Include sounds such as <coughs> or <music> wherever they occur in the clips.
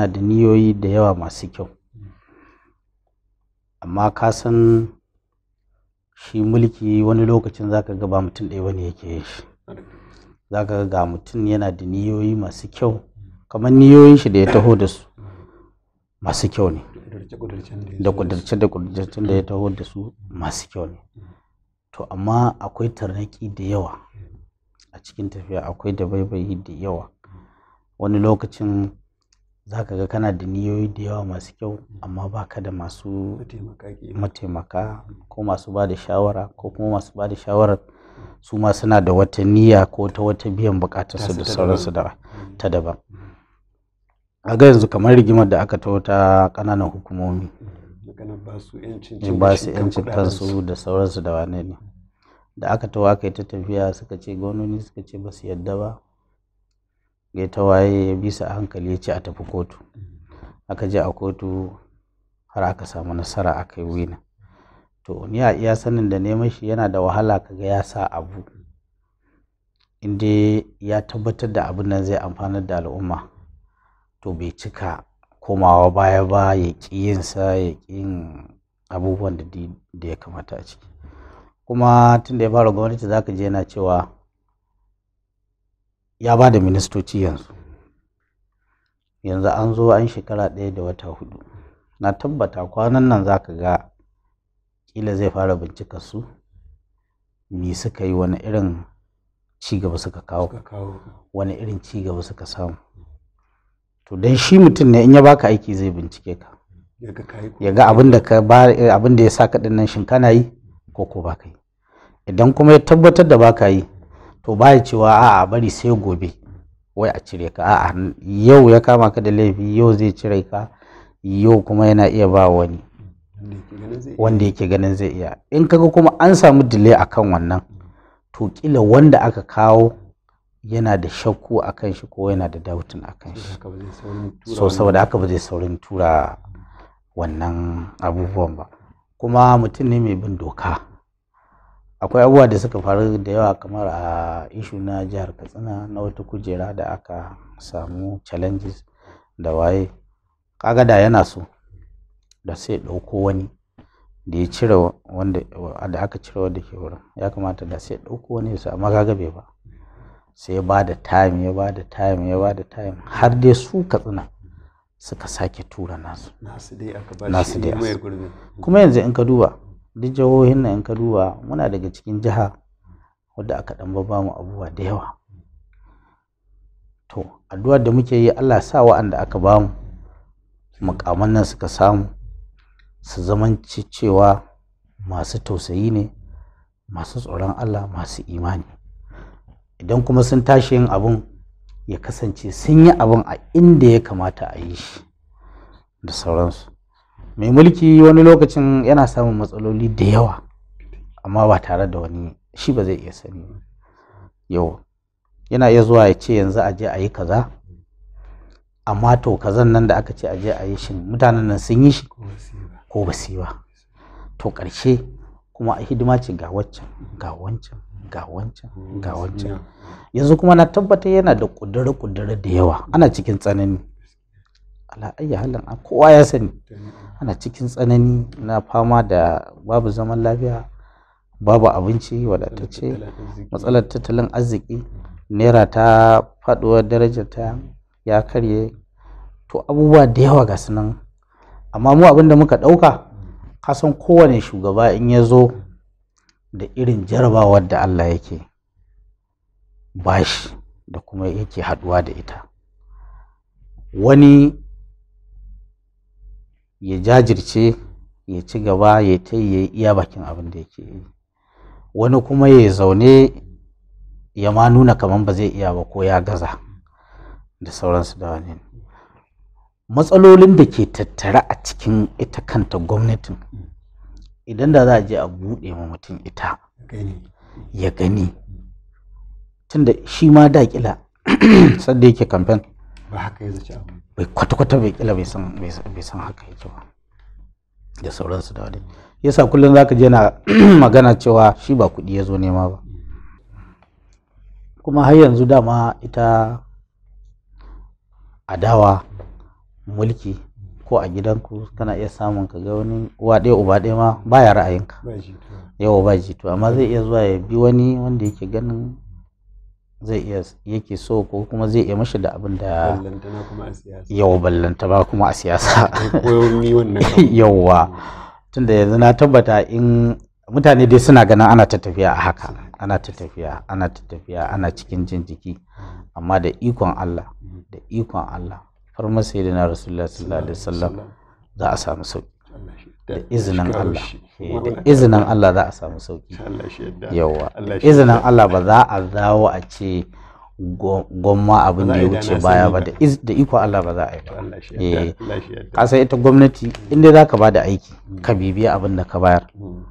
suna da niyoyi da yawa masu kyau amma ka san shi mulki wani lokacin zaka ga ba mutum ɗaya bane yake yin shi zaka ga mutum yana da niyoyi masu kyau kamar niyoyin shi da ya taho da su masu kyau ne da kudurce da kudurce da ya taho da su masu kyau ne to amma akwai tarnaki da yawa a cikin tafiya akwai da baibayi da yawa wani lokacin za ka ga kana da niyoyi da yawa masu kyau mm. amma baka da masu mataimaka mm. ko masu ba da shawara ko kuma masu ba da shawarar su ma suna da wata niyya ko ta wata biyan bukatarsu da sauransu mm. ta daban a ga yanzu kamar rigimar da aka tawo ta ƙananan hukumomi ba su yancin eh, kansu da sauransu da wane ne da aka tawo aka yi ta tafiya suka ce gwamnoni suka ce ba su yadda ba ya waye ya bisa a hankali ya ce a tafi kotu aka je a kotu har aka samu nasara a kai wina to ni a iya sanin da neman shi yana da wahala ka ga ya sa abu inda ya tabbatar da abin nan zai amfanar da al'umma to bai cika komawa baya ba ya ƙi yinsa ya ƙi yin abubuwan da ya kamata a ciki kuma tun da ya fara gwamnati za ka je yana cewa ya ba da ministoci yanzu yanzu an zo an shekara ɗaya da wata hudu na tabbata kwanan nan za ka ga kila zai fara bincika su me suka yi wani irin cigaba suka kawo wani irin cigaba suka samu to don shi mutum ne in ya baka aiki zai bincike ka ya ga abin da ya sa kaɗin nan shin kana yi ko ko baka yi idan kuma ya tabbatar da baka yi to baya cewa a'a bari sai gobe wai a cire ka a'a yau ya kama ka da laifi yau zai cire ka yau kuma yana iya ba wani wanda yake ganin zai iya in kaga kuma an samu delay akan wannan to kila wanda aka kawo yana da shakku akan shi ko yana da doubting akan shi so saboda haka ba zai saurin tura wannan abubuwan ba kuma mutum ne mai bin doka akwai abubuwa da suka faru da yawa kamar a ishu na jihar katsina na wata kujera da aka samu challenges da waye kaga da yana so da sai ɗauko wani da ya cire wanda da aka cire wanda ke wurin ya kamata da sai ɗauko wani su amma kaga bai ba sai ya bada time ya bada time ya bada time har dai su katsina suka sake tura nasu nasu dai aka ba shi kuma yanzu in ka duba duk jihohin nan in ka duba muna daga cikin jiha wadda aka ɗan ba mu abubuwa da yawa to addu'ar da muke yi Allah sa wa'anda aka ba mu mukaman nan suka samu su zamanci cewa masu tausayi ne masu tsoron Allah masu imani idan kuma sun tashi yin abun ya kasance sun yi abun a inda ya kamata a yi shi da sauransu mai mulki wani lokacin yana samun matsaloli da yawa amma ba tare da wani shi ba zai iya sani yau yana iya zuwa ya ce yanzu aje je a yi kaza amma to kazan nan da aka ce a je a yi shi mutanen nan sun yi shi ko ba su yi ba to ƙarshe kuma a hidima ce ga wancan ga wancan ga wancan ga wancan yanzu kuma na tabbatar yana da ƙudure-ƙudure da yawa ana cikin tsanani ala halin kowa ya sani ana cikin tsanani na fama da babu zaman lafiya babu abinci wadatacce matsalar tattalin arziki naira ta faduwar darajar ta ya karye to abubuwa da yawa ga sunan amma mu abinda muka ɗauka kasan kowane shugaba in ya zo da irin jarabawar da Allah yake bashi da kuma yake haduwa da ita wani ya jajirce ya ci gaba ya ta yi iya bakin abin da yake yi wani kuma ya zaune ya ma nuna kamar ba zai iya ba ko ya gaza da sauransu da wani matsalolin da ke tattara a cikin ita kanta gwamnatin idan da za a je a buɗe ma mutum ita ya gani tunda shi ma da kila <coughs> sadda yake kamfen ba haka ya zace bai kwata-kwata bai kila bai san bai san haka yake ba da sauransu da wani yasa kullum ka je na <clears throat> magana cewa shi ba kuɗi ya zo nema ba kuma har yanzu dama ita adawa mulki ko a gidanku kana iya samun ka ga wani uwa ɗaya uba ɗaya ma baya ra'ayinka yawa ba jito amma zai iya zuwa ya bi wani wanda yake ganin zai iya yake so ko kuma zai iya mashi da abin da yau ballanta ba kuma a siyasa <laughs> yauwa tun da yanzu na tabbata in mutane dai suna ganin ana ta tafiya a haka ana ta tafiya ana ta tafiya ana cikin jin jiki amma da ikon Allah da ikon Allah har da na rasulullah sallallahu alaihi wasallam za a samu sauki da izinin Allah eh, da izinin Allah za a samu sauki yawa izinin Allah ba za a dawo a ce gwamma abin da ya wuce baya ba da iko Allah ba za a yi ba eh. kasa ita gwamnati inda za ka ba da aiki hmm. ka bibiya abin da ka bayar hmm.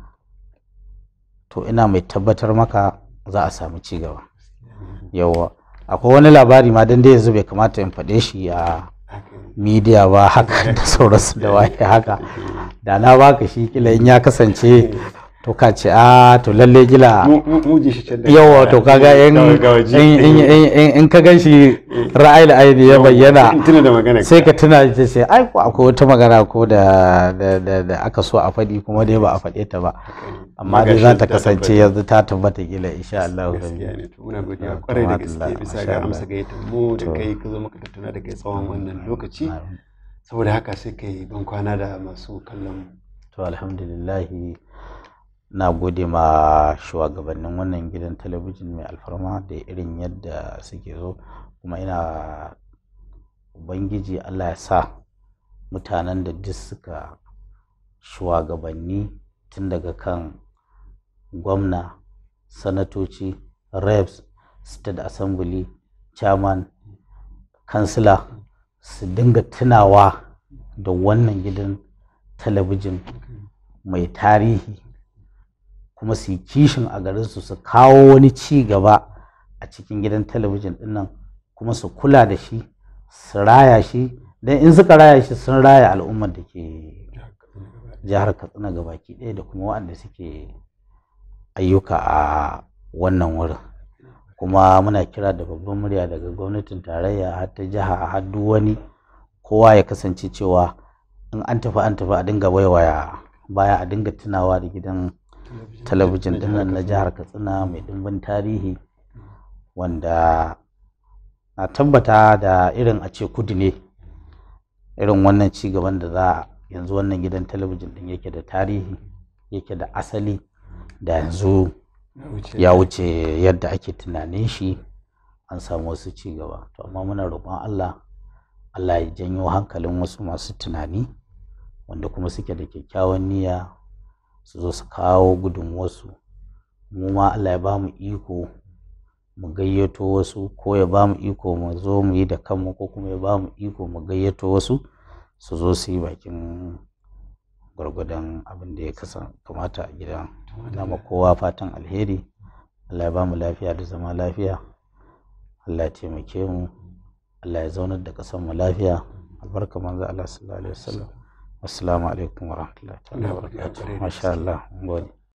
to ina mai tabbatar maka za a samu cigaba hmm. yawa akwai wani labari ma dan da yanzu bai kamata in faɗe shi a media ba haka <laughs> da sauransu da waye haka da na baka shi kila in ya kasance to ka ce a ah, to lalle gila yawa to kaga in ka gan ra'ayi da ainihi ya bayyana sai ka tuna da sai ai ko akwai wata magana ko da da aka so a faɗi kuma dai ba a faɗe ta ba amma dai za ta kasance yanzu ta tabbata kila insha Allah gaskiya ne to muna godiya kwarai da gaske bisa ga amsa ga ita mu da kai ka zo muka tattauna da kai tsawon wannan lokaci saboda haka sai kai ban kwana da masu kallon to alhamdulillah na gode ma shugabannin wannan gidan talabijin mai alfarma da irin yadda suke zo kuma ina ubangiji allah ya sa mutanen da duk suka shugabanni tun daga kan gwamna sanatoci reps state assembly chairman kansila su dinga tunawa da wannan gidan talabijin mai tarihi kuma su yi kishin a garinsu su kawo wani ci gaba a cikin gidan talabijin dinnan kuma su kula da shi su raya shi don in suka raya shi sun raya al'ummar da ke jihar katsina ga baki ɗaya da kuma waɗanda suke ayyuka a wannan wurin kuma muna kira da babban murya daga gwamnatin tarayya har ta jiha har duk wani kowa ya kasance cewa in an tafi an tafi a dinga baiwaya baya a dinga tunawa da gidan talabijin dinnan na jihar katsina mai dimbin tarihi wanda na tabbata da irin a ce kudu ne irin wannan cigaban da za yanzu wannan gidan talabijin din yake da tarihi yake da asali da yanzu ya wuce yadda ake tunanin shi an samu wasu ci gaba to amma muna roƙon Allah Allah ya janyo hankalin wasu masu tunani wanda kuma suke da kyakkyawan niyya su zo su kawo gudunmuwarsu mu ma Allah ya bamu iko mu gayyato wasu ko ya ba mu iko mu zo mu yi da kanmu ko kuma ya ba mu iko mu gayyato wasu su zo su yi bakin gwargwadon abin da ya kasa kamata a gida na ma kowa fatan alheri allah ya ba mu lafiya da zama lafiya allah ya taimake mu allah ya zaunar da ƙasar mu lafiya albarka manzo allah sallallahu alaihi wasallam assalamu alaikum warahmatullahi ta'ala masha allah gode